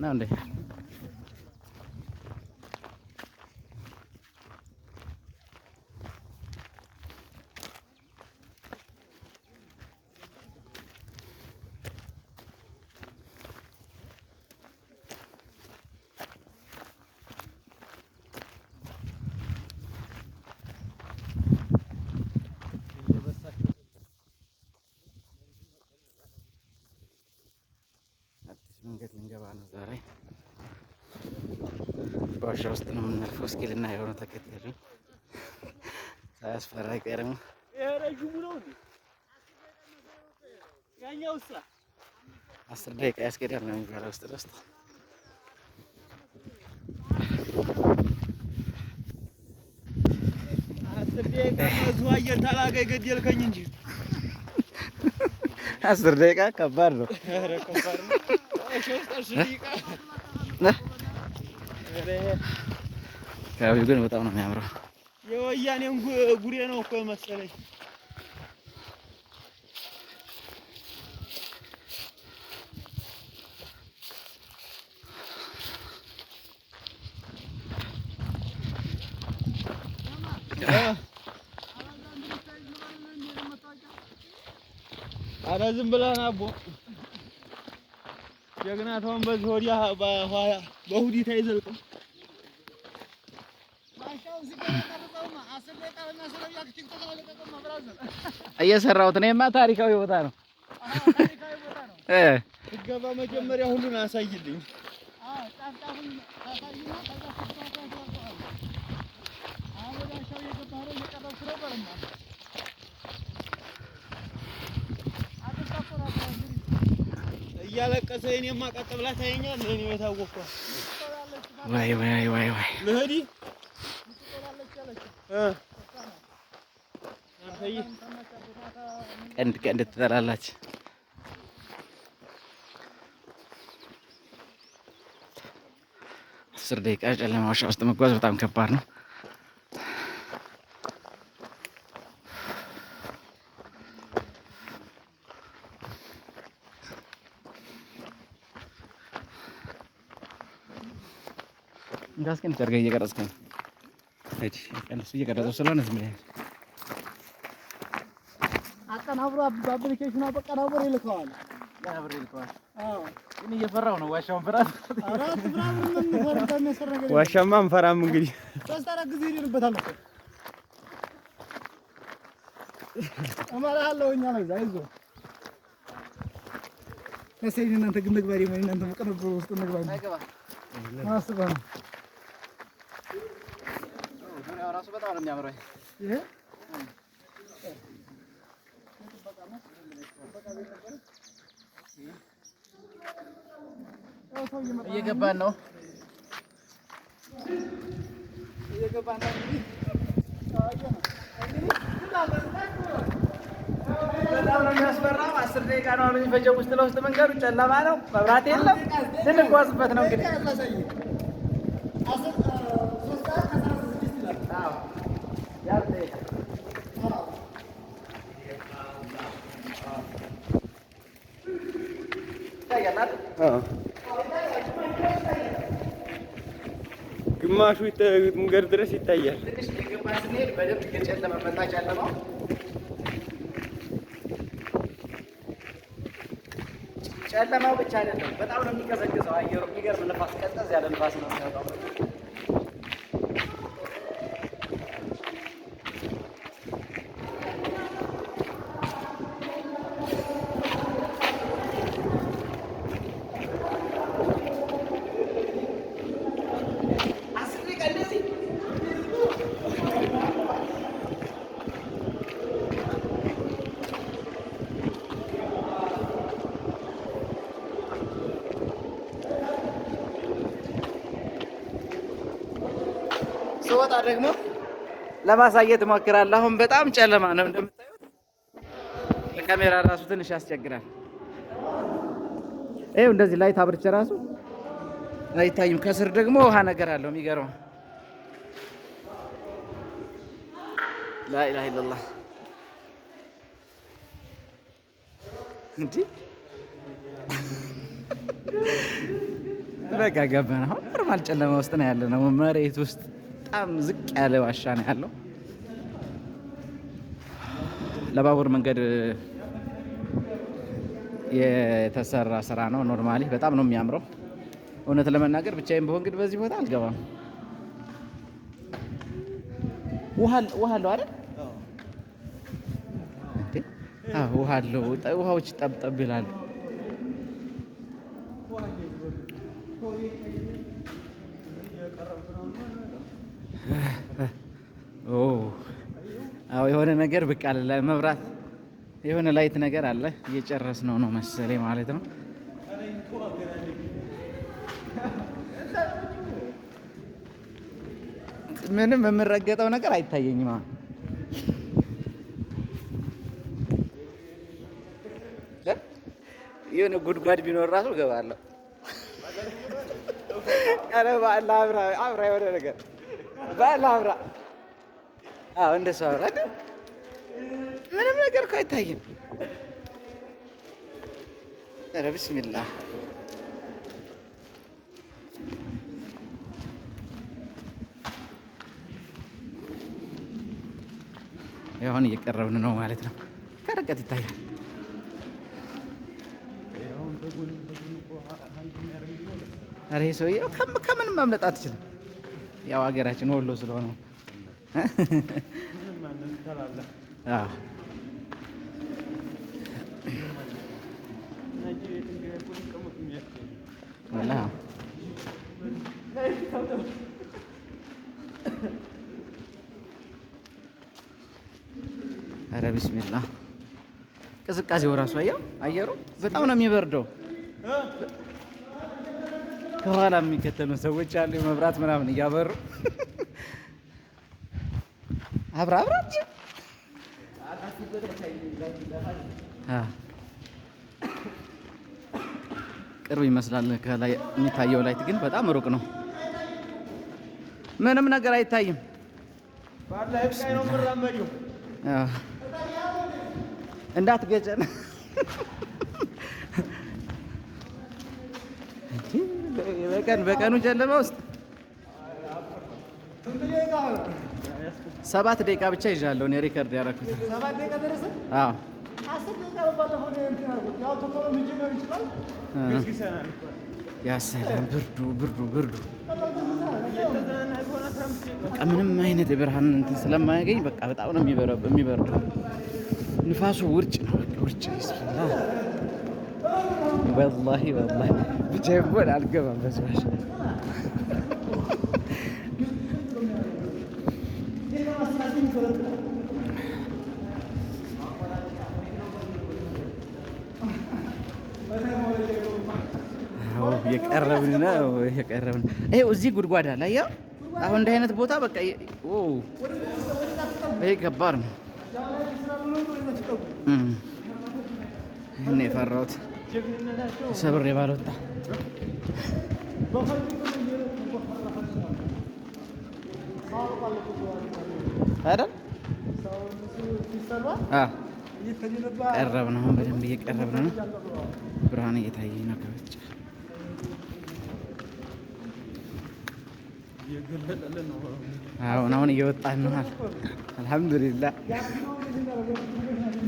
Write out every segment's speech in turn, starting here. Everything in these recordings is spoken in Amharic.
అండి get ላይ በዋሻ ውስጥ ነው የምናልፈው። እስኪ ልና የሆነ ተከተሉ ሳያስፈራ ቀርም አስር ደቂቃ ያስገዳል ነው የሚባለው ውስጥ ለውስጥ አስር ደቂቃ ከባድ ነው። ግን በጣም ነው የሚያምረው። የወያኔን ጉሬ ነው እኮ መሰለኝ። ኧረ ዝም ብለህ ና አቦ ጀግና ተወን በዚህ ወዲያ በኋላ በሁዲታ ይዘልቀው እየሰራሁት እኔማ ታሪካዊ ቦታ ነው። ስገባ መጀመሪያ ሁሉን አሳይልኝ። እያለቀሰ እኔማ ቀጥ ብላ ታየኛለህ። እኔ የታወቅኳት ወይ ወይ ወይ ወይ ልሂድ ቀንድ ቀንድ ትጠላላች። አስር ደቂቃ ጨለማ ዋሻ ውስጥ መጓዝ በጣም ከባድ ነው። እንዳስቀንስ አድርገህ እየቀረጽክ ነው። እሺ ቀንስ እየቀረጽኩ ስለሆነ ዝም ብለህ አቀናብሮ አፕሊኬሽን አቀናብሮ ይልከዋል። ግን እየፈራሁ ነው። ዋሻውን ፍራት። ዋሻማ አንፈራም። እንግዲህ ሶስት አራት ጊዜ ይልበታል እኮ እመራለሁ። እኛ ላይ አይዞህ እናንተ ግን ንግባ። እናንተ መቀነበሩ ውስጥ ንግባ። ዙሪያው ራሱ በጣም ነው የሚያምረው። ይሄ እየገባን ነው እየገባን ነው የሚያስፈራው። አስር ደቂቃ ነው የሚፈጀው። ውስጥ ለውስጥ መንገዱ ጨለማ ነው፣ መብራት የለም። ስንጓዝበት ነው እንግዲህ ግማሹ መንገድ ድረስ ይታያል። ጨለማው ብቻ አይደለም፣ በጣም ነው የሚቀዘቅዘው አየሩ። የሚገርም ንፋስ፣ ቀጠዝ ያለ ንፋስ ነው። ስወጣ ደግሞ ለማሳየት እሞክራለሁ። አሁን በጣም ጨለማ ነው እንደምታዩት፣ ለካሜራ ራሱ ትንሽ ያስቸግራል። ይኸው እንደዚህ ላይት አብርቼ ራሱ አይታይም። ከስር ደግሞ ውሃ ነገር አለው የሚገርመው። ላኢላሃ ኢለላህ እንዲህ በቃ ገባን። አሁን ኖርማል ጨለማ ውስጥ ነው ያለ ነው መሬት ውስጥ በጣም ዝቅ ያለ ዋሻ ነው ያለው። ለባቡር መንገድ የተሰራ ስራ ነው። ኖርማሊ በጣም ነው የሚያምረው። እውነት ለመናገር ብቻዬን ብሆን ግን በዚህ ቦታ አልገባም። ውሃ አለው አይደል? ውሃ አለው። ውሃዎች ጠብጠብ ይላሉ። አዎ የሆነ ነገር ብቅ አለ መብራት የሆነ ላይት ነገር አለ። እየጨረስ ነው ነው መሰለኝ ማለት ነው። ምንም የምንረገጠው ነገር አይታየኝም። የሆነ ጉድጓድ ቢኖር ራሱ እገባለሁ። ኧረ በዓል አብራ የሆነ ነገር ባላብራ አዎ እንደሱ አወራን። ምንም ነገር እኮ አይታይም። ኧረ ብስሚላ አሁን እየቀረብን ነው ማለት ነው። ከርቀት ይታያል። ኧረ ይሄ ሰውዬው ከምንም ማምለጥ አትችልም። ያው ሀገራችን ወሎ ስለሆነው? ኧረ ቢስሚላ ቅዝቃዜው እራሱ አየው አየሩ በጣም ነው የሚበርደው። ከኋላ የሚከተሉ ሰዎች አሉ፣ መብራት ምናምን እያበሩ አብራ አብራ እንጂ ቅርብ ይመስላል። ከላይ የሚታየው ላይት ግን በጣም ሩቅ ነው። ምንም ነገር አይታይም። እንዳትገጨን በቀን በቀኑ ጨለማ ውስጥ ሰባት ደቂቃ ብቻ ይዣለሁ እኔ ሪከርድ ያደረኩት ሰባት ደቂቃ ብርዱ ብርዱ ብርዱ በቃ ምንም አይነት የብርሃን እንትን ስለማያገኝ በቃ በጣም ነው የሚበርዱ። ንፋሱ ውርጭ ነው ውርጭ ስላ ወላሂ ወላሂ ብቻ ይሆን አልገባም በዝባሽ የቀረብን ነው የቀረብን። ይሄው እዚህ ጉድጓድ አለ። ያው አሁን እንዲህ አይነት ቦታ በቃ ይሄ ከባድ ነው። ይሄን የፈራሁት ሰብሬ ባልወጣ አይደል? ቀረብ ነው። አሁን በደንብ እየቀረብ ነው። ብርሃን እየታየ ነው። ከበጭ አሁን አሁን እየወጣን ነው። አልሐምዱሊላ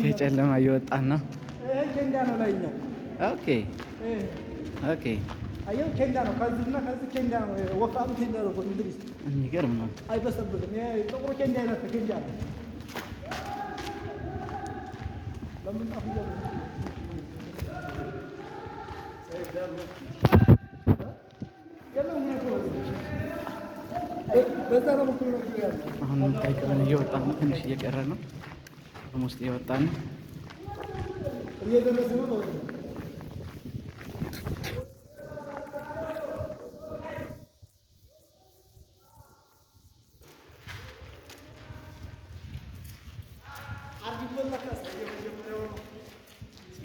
ከጨለማ እየወጣን ነው። ኦኬ ኦኬ። አየው ኬንዳ ነው። ከዚህና ከዚህ ኬንዳ ነው። ወፍራም ኬንዳ ነው። የሚገርም ነው። ጥቁሩ ኬንዳ አይነት ኬንዳ ነው። አሁን ቀይ እየወጣ ነው። ትንሽ እየቀረ ነው። ውስጥ እየወጣ ነው።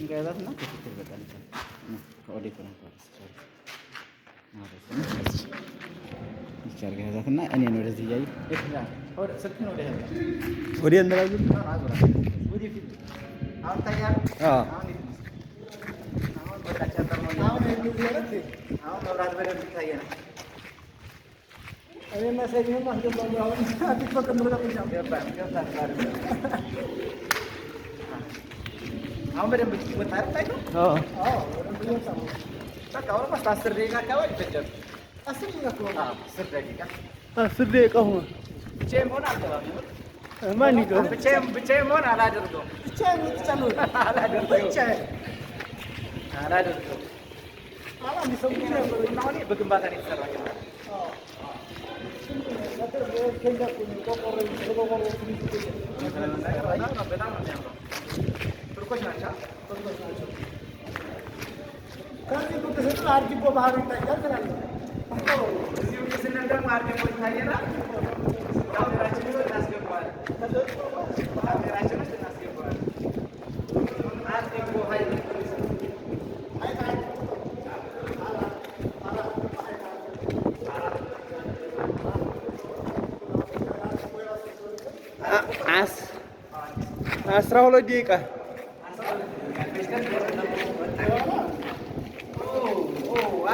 እንጋዛት እና ክትትል በጣም ይቻላል እና እኔን ወደዚህ እያየ ወደ እንላለን Amerembiti quando era pega? Ó. Ó, Saka orang pas tasir deh kau kawan pencet. Tasir juga kau nak tasir deh kak. Tasir deh kau. Bicara mana eh, Mana kau? Ah, bicara bicara mana ala tu. Bicara itu calu. Ala dulu. Bicara. Ala tu. Malam di sini baru ini ni berkembang ini sekarang. Oh. Kita berkendak punya kau orang, kau orang punya. Kalau nak, kalau nak, kita nak. आश्रा hello दिए का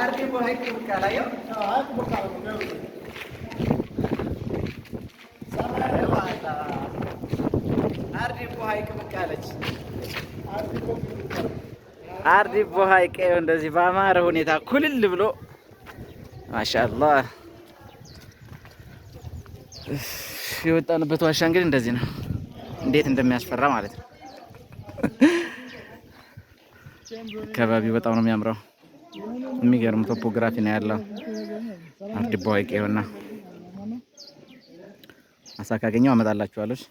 አርዲቦ ሀይቅ እንደዚህ በአማረ ሁኔታ ኩልል ብሎ ማሻላ የወጣንበት ዋሻ እንግዲህ እንደዚህ ነው። እንዴት እንደሚያስፈራ ማለት ነው። አካባቢው በጣም ነው የሚያምረው። የሚገርም ቶፖግራፊ ነው ያለው። አርድቦ ሀይቅ ይኸውና አሳ ካገኘው አመጣላችኋለች።